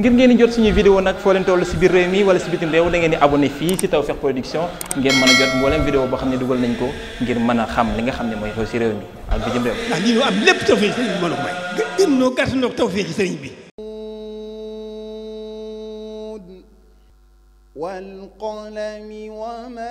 ngir ngeen di jot suñuy vidéo nag foo leen si biir réew mi wala si bitim réew da ngeen di abonné fii si Tawfekh Production ngeen mën a jot mboolem vidéo boo xam ne dugal nañ ko ngir mën a xam li nga xam ne mooy xew si réew mi ak bitim réew. ndax lii ñu am lépp a ko may. gën sëriñ bi. wal qalami wa ma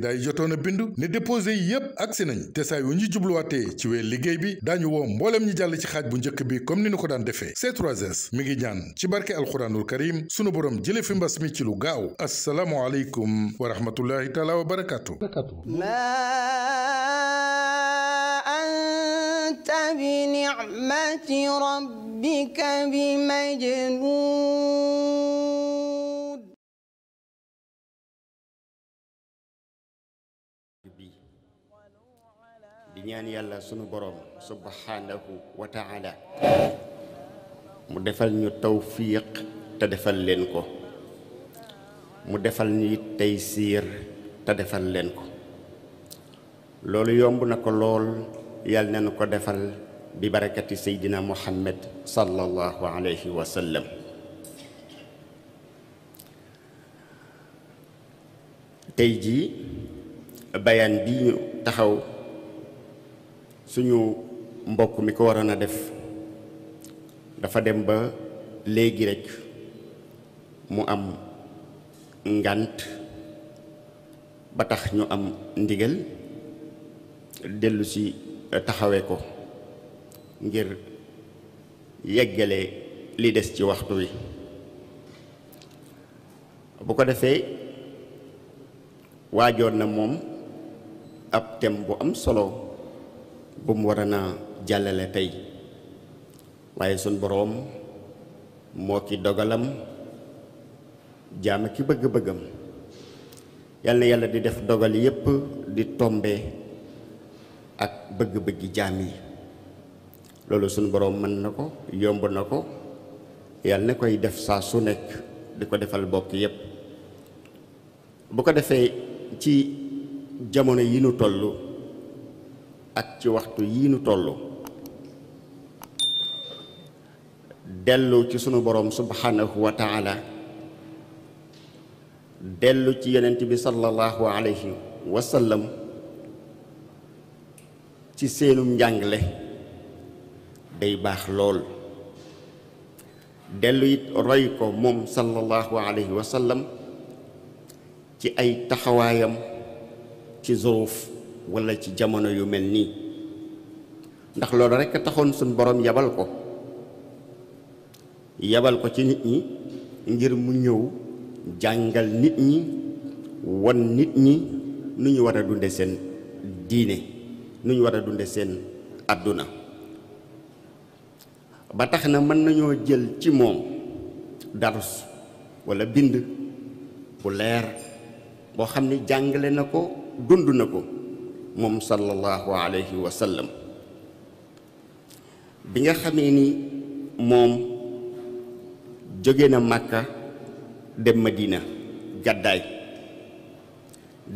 candidat yi jotoon a bindu ne déposé yépp agsi nañ te saa ñu jubluwaatee ci weer liggéey bi daañu woo mbooleem ñi jàll ci xaaj bu njëkk bi comme ni ñu ko daan defee C3S mi ngi ñaan ci barke alxuraanul karim sunu borom jële fi mbas mi ci lu gaaw assalaamu aleykum wa rahmatullahi wa barakaatu anta bi ni'mati rabbika bi majnun ñaan yàlla sunu boroom subhanahu wa mu defal ñu tawfiq te defal leen ko mu defal ñu it taysiir te defal leen ko loolu yomb na ko lool yàlla na nu ko defal bi barakati seydina muhammad sallallahu alayhi wa tey jii bayaan bi ñu taxaw suñu mbokk mi ko waroon a def dafa dem ba léegi rek mu am ngant ba tax ñu am ndigal dellusi si eh, taxawee ko ngir yeggale li des ci waxtu wi bu ko defee waajoon na moom ab thème bu am solo bu mu war a naa jàllale tey waaye sun boroom moo ki dogalam jaama ki bëgg-bëggam yàlla na yàlla di def dogal yépp di tombe ak bëgg-bëggi jaam yi loolu sun borom mën na ko yomb na ko yàlla na koy def saa su nekk di ko defal bokk yépp bu ko defee ci jamono yi nu tollu ak ci waxtu yii nu toll dellu ci sunu boroom subhanahu wa dellu ci yonent bi sallallahu alayhi wa ci seenum njàngle day baax lool dellu it roy ko moom sallallahu alayhi wa ci ay taxawaayam ci zuruuf wala ci jamono yu mel nii ndax loolu rekk a taxoon suñ boroom yabal ko yabal ko ci nit ñi ngir mu ñëw jàngal nit ñi wan nit ñi nu ñu war a dunde seen diine nu ñu war a dunde seen àdduna ba tax na mën nañoo jël ci moom darus walla bind bu leer boo xam ne jàngale na ko dund na ko moom sallallahu alayhi wa sallam bi nga xamee ni moom jóge na makka dem diina gàddaay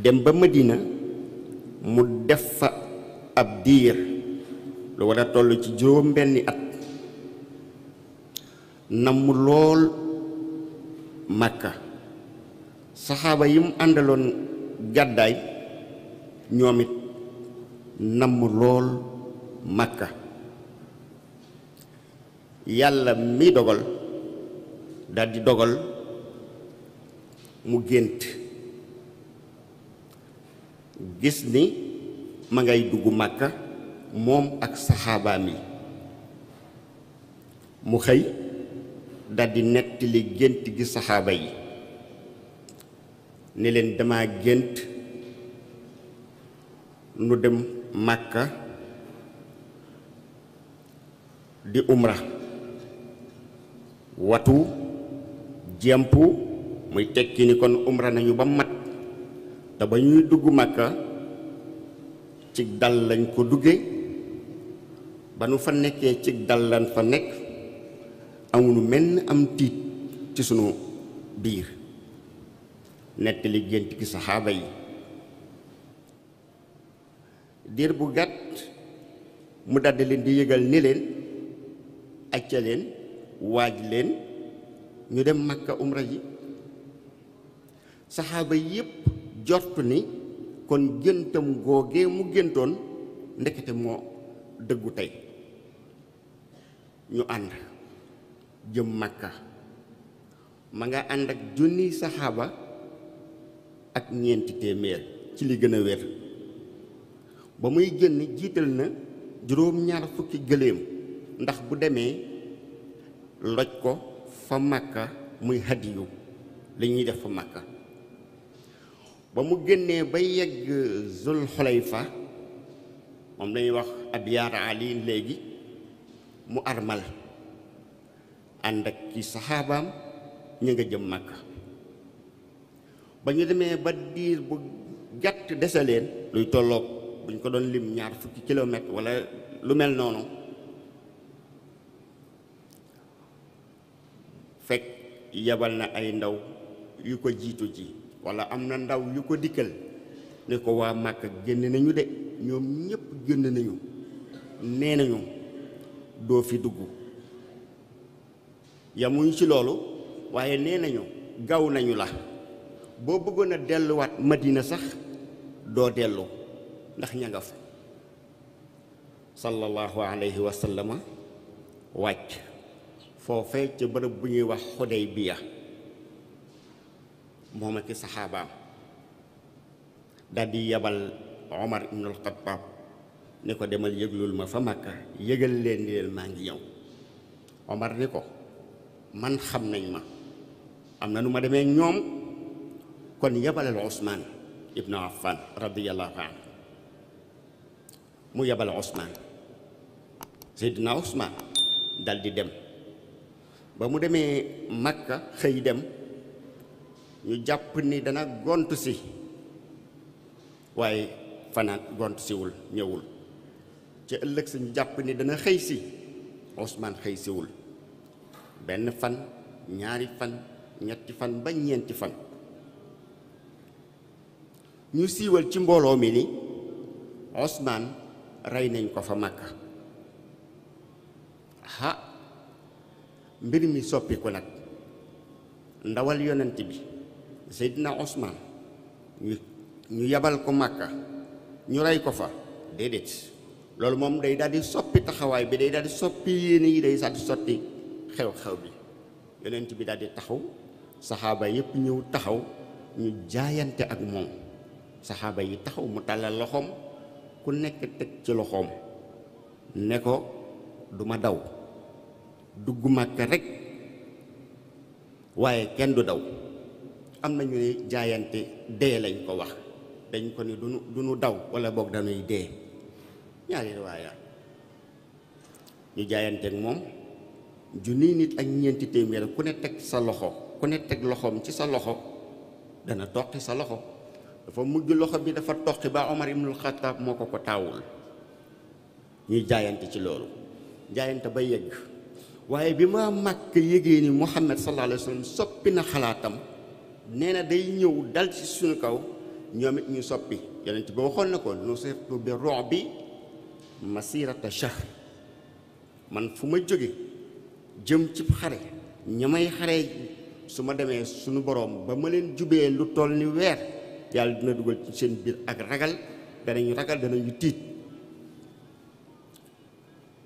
dem ba ma diina mu def fa ab diir lu war a toll ci juróom-benni at namm lool màkka saxaaba yi mu àndaloon gàddaay ñoom it namm lool makka yàlla mi dogal daldi dogal mu gént gis ni ma ngay dugg màkka moom ak saxaabaam yi mu xëy daldi nettali gént gi saxaaba yi ne leen dama gént nu dem màkka di umra watu jemp muy tekki ni kon umra nañu ba mat te ba ñuy dugg màkka ci dal lañ ko dugge ba nu fa nekkee ci dal lañ fa nekk amunu menn am tiit ci sunu biir nettali gént gi xaaba yi diir bu gàtt mu daldi leen di yëgal ni leen acca leen waaj leen ñu dem Makka umra ji saxaaba yépp jort ni kon géntam googee mu géntoon ndekete moo dëggu tey ñu ànd jëm Makka ma nga ànd ak junniy saxaaba ak ñeenti téeméer ci li gën a wér ba muy génn jiital na juróom-ñaar fukki gëléem ndax bu demee loj ko fa màkka muy hadiyu li ñuy def fa màkka ba mu génnee ba yegg zul xulayfa moom lañuy wax ab yaar ali léegi mu armal ànd ak ci saxaabam ñu nga jëm màkka ba ñu demee ba diir bu gàtt dese leen luy tolloog buñ ko doon lim ñaar fukki kilomètre wala lu mel noonu fekk yebal na ay ndaw yu ko jiitu ji wala am na ndaw yu ko dikkal ne ko waa Màkka génn nañu de ñoom ñépp génn nañu nee nañu doo fi dugg yamuñ ci loolu waaye nee nañu gaw nañu la boo bëggoon a delluwaat Madina sax doo dellu ndax ña nga fa sallallahu alayhi wa sallama wàcc foofee ca bërëb bu ñuy wax Xudaybiya moom ak i saxaabaam daldi yabal Omar ibnul Xattaab ni ko demal yëglul ma fa Makka yëgal leen ni leen maa ngi ñëw Omar ni ko man xam nañ ma am na nu ma demee ñoom kon yabalal Usmaan ibnu Affan radiyallahu anhu mu yebal Ousmane Seydina Ousmane dal dem ba mu demee Makka xëy dem ñu jàpp ni dana gont si waaye fanaan gont siwul ñëwul ci ëllëg sa ñu jàpp ni dana xëy si osmaan xëy siwul benn fan ñaari fan ñetti fan ba ñeenti fan ñu siiwal ci mbooloo mi ni Ousmane rey nañ ko fa Makka ha mbir mi soppiku nag ndawal yonent bi Seydina Usmaan ñu ñu yebal ko Makka ñu rey ko fa déedéet loolu moom day daldi soppi taxawaay bi day daal di soppi yéene yi day daal di sotti xew-xew bi yonent bi daal di taxaw saxaaba yépp ñëw taxaw ñu jaayante ak moom saxaaba yi taxaw mu tàllal loxoom ku nekk teg ci loxoom ne ko duma daw dugg màkk rek waaye kenn du daw am na ñuy jaayante dee lañ ko wax dañ ko ni duñu duñu daw wala boog dañuy dee ñaari riwaaya ñu jaayanteeg moom junniy nit ak ñeenti téeméer ku ne teg sa loxo ku ne teg loxoom ci sa loxo dana toqi sa loxo dafa mujj loxo bi dafa toqi ba Omar ibnul Xattaab moo ko ko taawul ñuy jaayante ci loolu jaayante ba yegg waaye bi ma mag yégée ni Muhammad sallallahu alayhi wa sallam soppi na xalaatam nee na day ñëw dal ci suñu kaw ñoom it ñu soppi yonent bi waxoon na ko nusirtu bi ru'bi masirata shahr man fu ma jóge jëm ci xare ñamay xare su ma demee suñu boroom ba ma leen jubee lu toll ni weer yàlla dina dugal ci seen biir ak ragal danañu ragal danañu tiit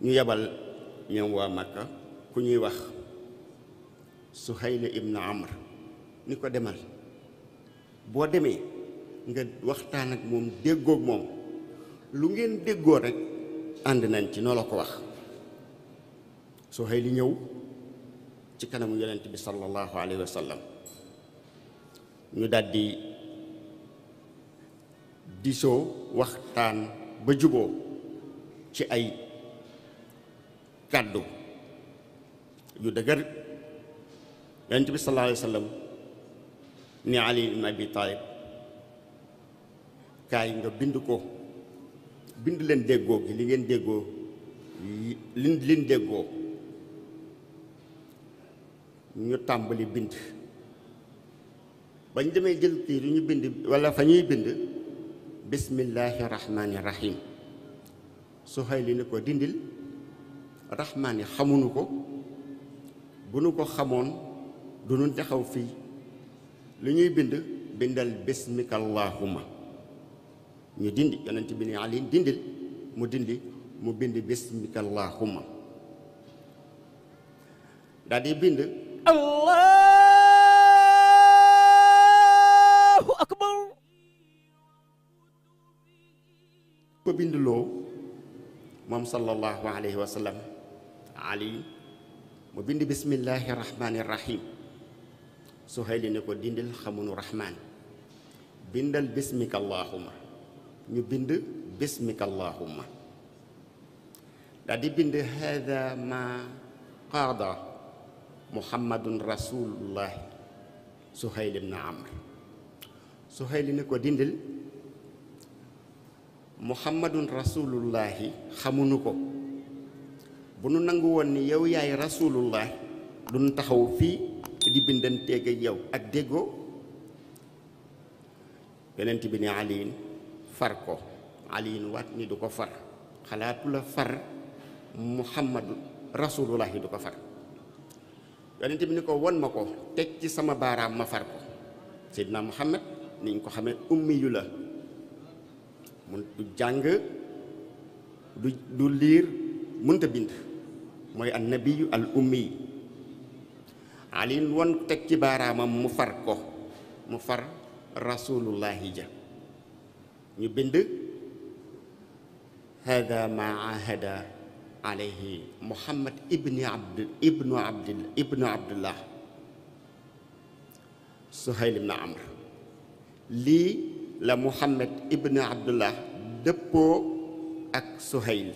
ñu yebal ñoom waa Makka ku ñuy wax su Suhayl ibn Amr ni ko demal boo demee nga waxtaan ak moom déggoo moom lu ngeen déggoo rek ànd nañ ci noo la ko wax Suhayl ñëw ci kanamu yonent bi sallallahu alayhi wa ñu daldi disoo waxtaan ba juboo ci ay kàddu yu dëgër yonent bi sallallahu alayhi ni ali ibn abi taalib kaay nga bind ko bind leen déggoo gi li ngeen déggoo li liñ déggoo ñu tàmbali bind bañ demee jël kii lu ñu bind walla fa ñuy bind bismillahi rahmaani rahim Suhayli ni ko dindil rahmaani xamuñu ko bu nu ko xamoon du nu taxaw fii li ñuy bind bindal bismika allahuma ñu dindi yonent bi ni dindil mu dindi mu bind bismika allahuma daal bind allah ko bindloo moom sallallahu alayhi wa sallam bind bismillahi rahmani rahim suhayli ni ko dindil xamunu rahmaan bindal bismika allahuma ñu bind bismika allahuma daal di bind hada ma qaada muhammadun rasulullah suhayli ibn amr suhayli ni ko dindil muhammadun rasulullahi xamuñu ko bu nu nangu woon ni yow yaay rasulullah duñ taxaw fii di bindanteeg ak yow ak déggoo yonent bi ne aliin far ko aliin waat ni du ko far xalaatu la far muhammadu rasulullahi du ko far yonent bi ni ko won ma ko teg ci sama baaraam ma far ko seydina muhammad niñ ko xamee ummiyu la mun du jàng du du liir mënta bind mooy an nabiyu al ummi alin won teg ci baaraamam mu far ko mu far rasulullahi ja ñu bind hada ma ahada alayhi muhammad ibni abd ibnu abd ibnu abdullah suhayl ibn amr lii la Muhammad ibn Abdullah dëppoo ak Suhayl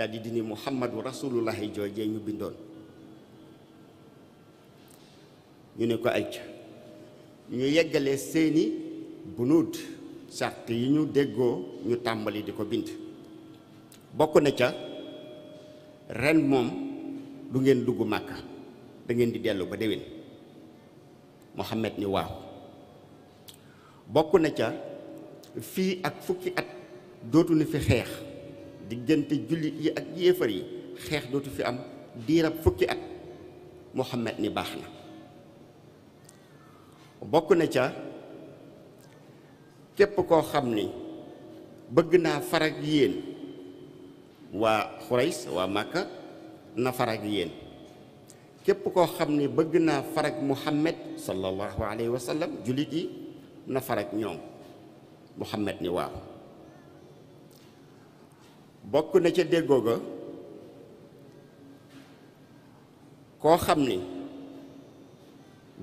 daldi dini Muhammadu rasulullahi joojee ñu bindoon ñu ne ko ay ñu yeggalee seeni bunuud sart yi ñu déggoo ñu tàmbali di ko bind bokk na ca ren moom du ngeen dugg màkka dangeen ngeen di dellu ba déwén Muhammad ni waaw bokk na ca fii ak fukki at dootuñu fi xeex diggante jullit yi ak yéefar yi xeex dootu fi am diirab fukki at Muhammad ni baax na bokk na ca képp koo xam ni bëgg naa farag yéen waa Xurays waa Màkka na farag yéen képp koo xam ni bëgg naa farag Muhammad sallallahu alayhi wa sallam jullit yi nafar ak ñoom Muhammad ni waaw bokk na ca déggoo ga koo xam ni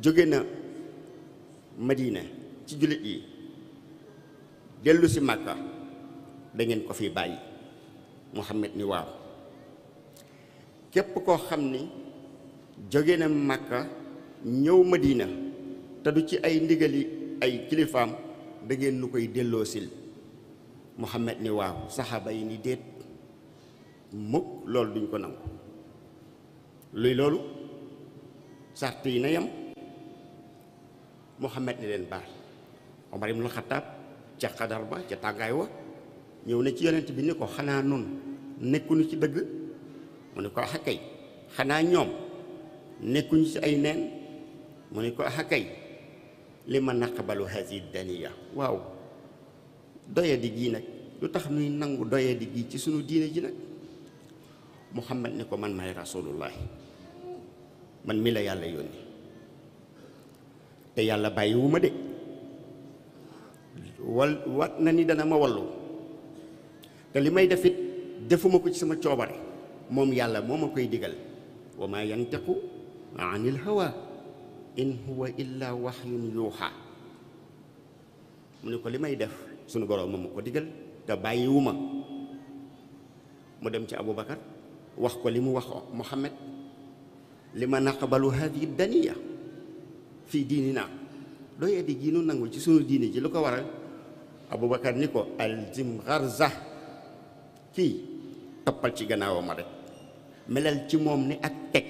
jóge na Madina ci jullit yi dellu makka Màkka dangeen ko fi bàyyi Muhammad ni waaw képp koo xam ni jóge na Màkka ñëw Madina te du ci ay ndigali ay kilifaam da ngeen nu koy delloo sil Muhammad ni waaw saxaaba yi ni déet mukk loolu duñ ko nangu luy loolu sart yi na yam Muhammad ni leen baal Omar ibnul Xataab ca xadar ba ca tàggaay wa ñëw na ci yonent bi ni ko xanaa nun nekkuñu ci dëgg mu ne ko axakay xanaa ñoom nekkuñu ci ay neen mu ne ko axakay li ma naqbalu hasi daniya waaw doyadi gii nag lu tax nuy nangu doyadi gii ci sunu diine ji nag muhammad ne ko man maay rasulullahi man mi la yàlla yónni te yàlla bàyyiwu ma de wal wat na ni dana ma wallu te li may defit defuma ko ci sama coobare moom yàlla moo ma koy digal wa ma yantiqu anil hawa in huwa illa waxyun yuuxa mu ne ko li may def sunu borom ma ko digal te bàyyiwu ma mu dem ci abu Aboubacar wax ko li mu wax Muhammad li ma naqbalu hadihi daniya fii diininaa doyee di giinu nangul ci suñu diini ji lu ko waral abu Aboubacar ni ko aljim xarza kii toppal ci gannaawam ma rek melal ci moom ni ak teg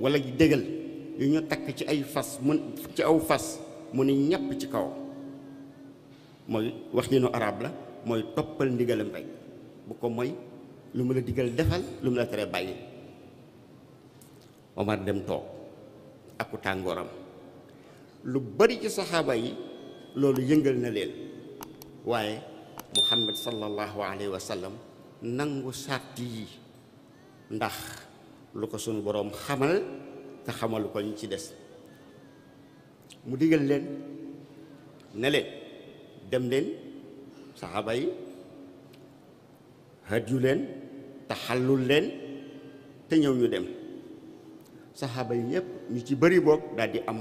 wala dëggal yu ñu takk ci ay fas mun ci aw fas mu ni ñàpp ci kaw mooy wax ni nu arab la mooy toppal ndigalam rek bu ko moy lu mu la digal defal lu mu la tere bàyyi Omar dem toog aku tàngooram lu bari ci saxaaba yi loolu yëngal na leen waaye Muhammad sallallahu alayhi wa sallam nangu sàtt yi ndax lu ko sunu boroom xamal te xamalu ko ñu ci des mu digal leen ne leen dem leen saxaaba yi hadiyu leen te leen te ñëw ñu dem saxaaba yi yépp ñu ci bëri boog daal di am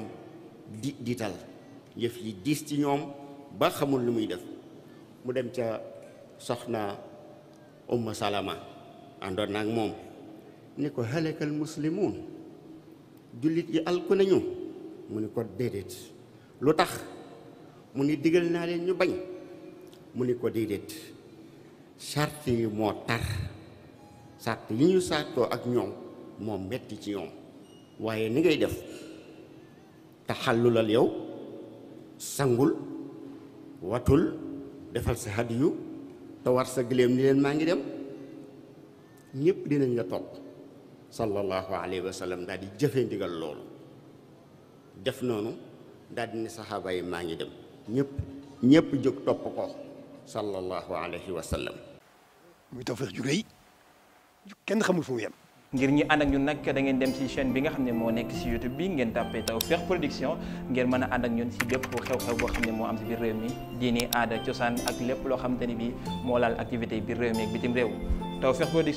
di diital yëf yi diis ci ñoom ba xamul lu muy def mu dem ca soxna umma salama àndoon naag moom ni ko halakal muslimuun jullit yi alku nañu mu ni ko déedéet lu tax mu ni digal naa leen ñu bañ mu ni ko déedéet sart yi moo tar sart yi ñu sartoo ak ñoom moo metti ci ñoom waaye ni ngay def taxallulal yow sangul watul defal sa hadiyu te sa gëléem ni leen maa ngi dem ñépp dinañ la topp sallallahu alayhi wa sallam daal di jëfe ndigal loolu def noonu daal di ne saxaaba yi maa ngi dem ñëpp ñëpp jóg topp ko sallallahu alayhi wa sallam muy tawfeex ju rëy kenn xamul fu mu yem ngir ñi ànd ak ñun nag da ngeen dem ci chaîne bi nga xam ne moo nekk ci YouTube bi ngeen tàppee Tawfekh Production ngeen mën a ànd ak ñun ci bépp xew-xew boo xam ne moo am ci biir réew mi diini aada cosaan ak lépp loo xamante ni bi moo laal activité biir réew mi ak bitim réew Tawfekh